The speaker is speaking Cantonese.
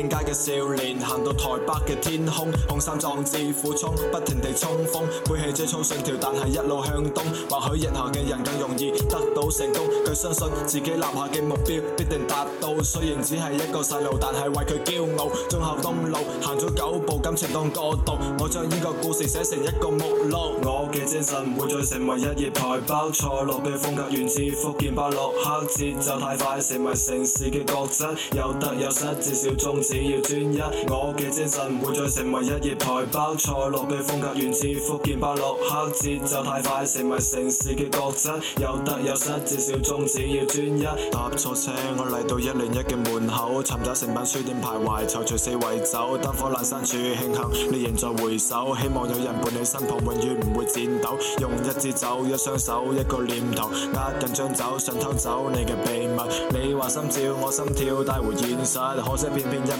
正街嘅少年行到台北嘅天空，紅衫壯志苦衝，不停地衝鋒，背起追衝信條，但係一路向東。或許日下嘅人更容易得到成功，佢相信自己立下嘅目標必定達到。雖然只係一個細路，但係為佢驕傲。忠孝東路行咗九步，感情當過渡。我將呢個故事寫成一個目錄。我嘅精神唔會再成為一頁台北錯落嘅風格，源自福建巴洛克節奏太快，成為城市嘅角質，有得有失，至少終。只要專一，我嘅精神唔會再成為一頁台胞，錯落嘅風格源自福建巴洛克節，就太快成為城市嘅國質，有得有失小，至少宗旨要專一。搭錯車，我嚟到一零一嘅門口，尋找誠品書店徘徊，隨隨四圍走，燈火闌珊處慶幸你仍在回首，希望有人伴你身旁，永遠唔會顫抖。用一支酒，一雙手，一個念頭，握緊張酒想偷走你嘅秘密。你話心照，我心跳帶回現實，可惜偏偏一。